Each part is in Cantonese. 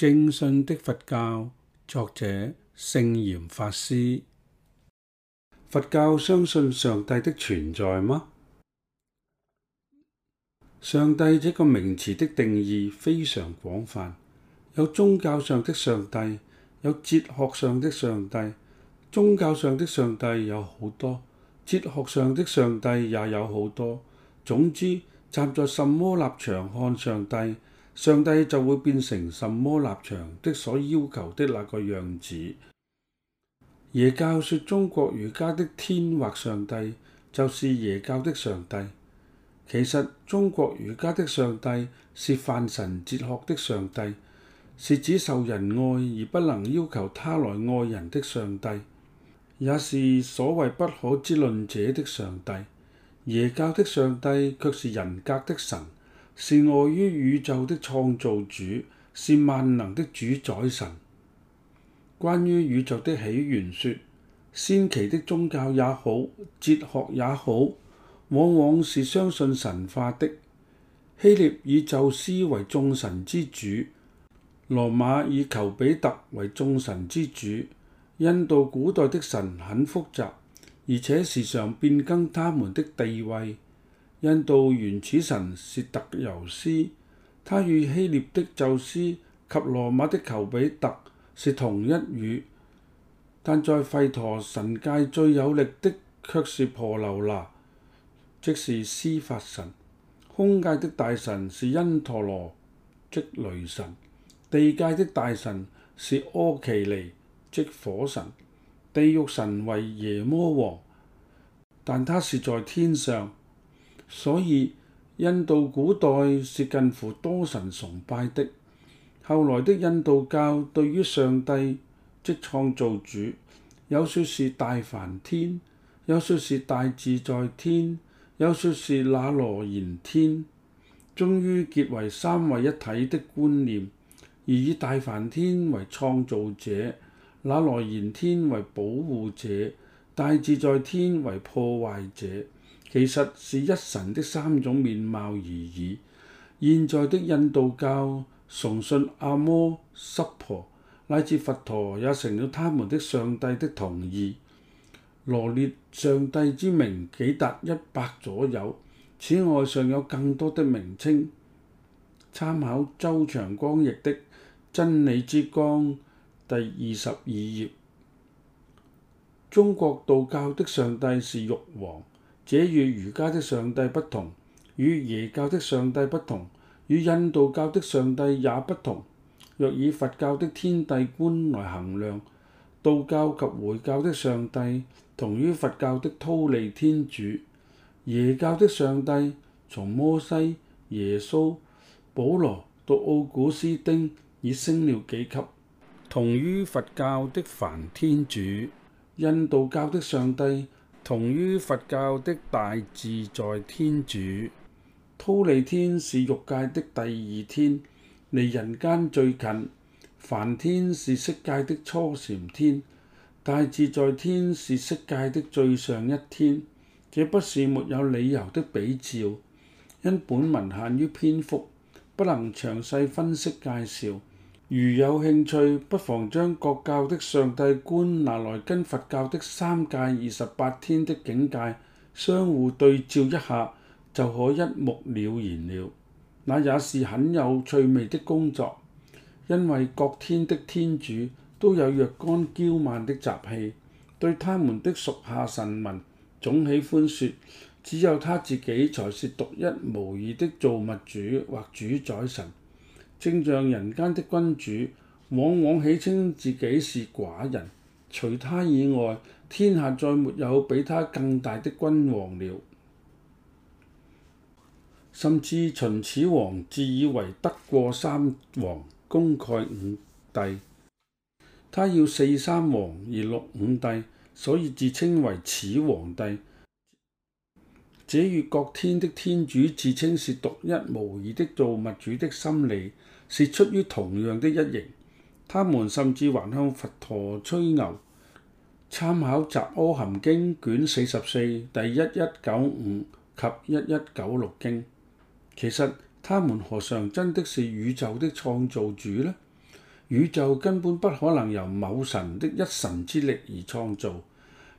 正信的佛教，作者聖嚴法師。佛教相信上帝的存在嗎？上帝這個名詞的定義非常廣泛，有宗教上的上帝，有哲學上的上帝。宗教上的上帝有好多，哲學上的上帝也有好多。總之，站在什麼立場看上帝？上帝就會變成什麼立場的所要求的那個樣子，耶教說中國儒家的天或上帝，就是耶教的上帝。其實中國儒家的上帝是泛神哲學的上帝，是指受人愛而不能要求他來愛人的上帝，也是所謂不可知論者的上帝。耶教的上帝卻是人格的神。是外於宇宙的創造主，是萬能的主宰神。關於宇宙的起源說，說先期的宗教也好，哲學也好，往往是相信神化的。希臘以宙斯為眾神之主，羅馬以裘比特為眾神之主。印度古代的神很複雜，而且時常變更他們的地位。印度原始神是特尤斯，他與希臘的宙斯及羅馬的裘比特是同一語，但在吠陀神界最有力的卻是婆樓那，即是司法神。空界的大神是因陀羅，即雷神；地界的大神是阿耆尼，即火神；地獄神為耶摩王，但他是在天上。所以印度古代是近乎多神崇拜的，後來的印度教對於上帝即創造主，有說是大梵天，有說是大自在天，有說是那羅延天，終於結為三位一體的觀念，而以大梵天為創造者，那羅延天為保護者，大自在天為破壞者。其實是一神的三種面貌而已。現在的印度教崇信阿摩、濕婆，乃至佛陀也成了他們的上帝的同義。羅列上帝之名幾達一百左右。此外尚有更多的名稱。參考周長光譯的《真理之光》第二十二頁。中國道教的上帝是玉皇。這與儒家的上帝不同，與耶教的上帝不同，與印度教的上帝也不同。若以佛教的天帝觀來衡量，道教及回教的上帝同於佛教的忉利天主；耶教的上帝從摩西、耶穌、保羅到奧古斯丁已升了幾級，同於佛教的梵天主；印度教的上帝，同於佛教的大自在天主，忉利天是欲界的第二天，離人間最近；梵天是色界的初禪天，大自在天是色界的最上一天。這不是沒有理由的比照，因本文限於篇幅，不能詳細分析介紹。如有興趣，不妨將各教的上帝觀拿來跟佛教的三界二十八天的境界相互對照一下，就可一目了然了。那也是很有趣味的工作，因為各天的天主都有若干驕慢的習氣，對他們的屬下神民總喜歡說：只有他自己才是獨一無二的造物主或主宰神。正像人間的君主，往往戲稱自己是寡人，除他以外，天下再沒有比他更大的君王了。甚至秦始皇自以為得過三皇，功蓋五帝，他要四三皇而六五帝，所以自稱為始皇帝。這與各天的天主自稱是獨一無二的造物主的心理，是出於同樣的一型，他們甚至還向佛陀吹牛。參考《雜阿含經》卷四十四第一一九五及一一九六經，其實他們何嘗真的是宇宙的創造主呢？宇宙根本不可能由某神的一神之力而創造，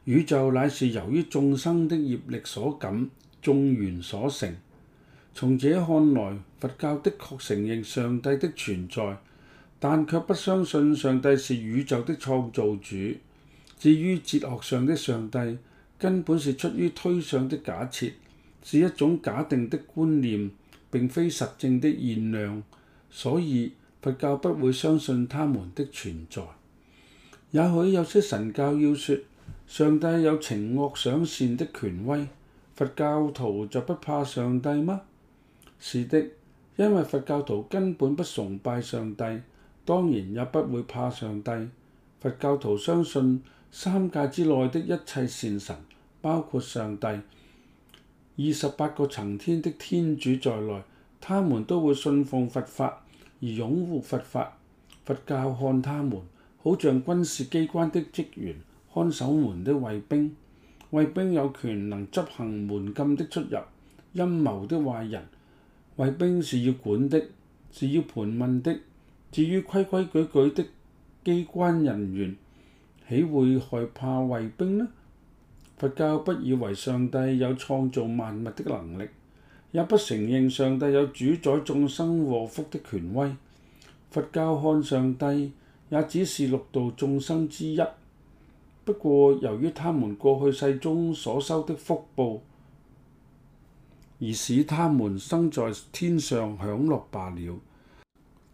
宇宙乃是由於眾生的業力所感，眾緣所成。從這看來，佛教的確承認上帝的存在，但卻不相信上帝是宇宙的創造主。至於哲學上的上帝，根本是出於推想的假設，是一種假定的觀念，並非實證的現量，所以佛教不會相信他們的存在。也許有些神教要說上帝有懲惡賞善的權威，佛教徒就不怕上帝嗎？是的，因為佛教徒根本不崇拜上帝，當然也不會怕上帝。佛教徒相信三界之內的一切善神，包括上帝、二十八個層天的天主在內，他們都會信奉佛法而擁護佛法。佛教看他們好像軍事機關的職員、看守門的衛兵，衛兵有權能執行門禁的出入，陰謀的壞人。衛兵是要管的，是要盤問的。至於規規矩矩的機關人員，豈會害怕衛兵呢？佛教不以為上帝有創造萬物的能力，也不承認上帝有主宰眾生禍福的權威。佛教看上帝也只是六道眾生之一。不過由於他們過去世中所修的福報，而使他們生在天上享樂罷了。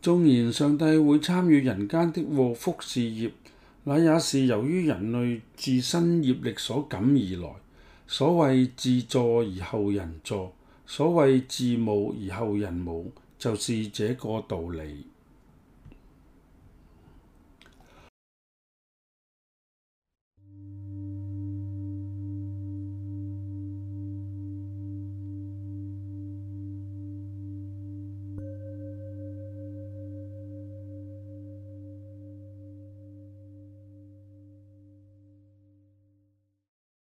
縱然上帝會參與人間的禍福事業，那也是由於人類自身業力所感而來。所謂自助而後人助，所謂自無而後人無，就是這個道理。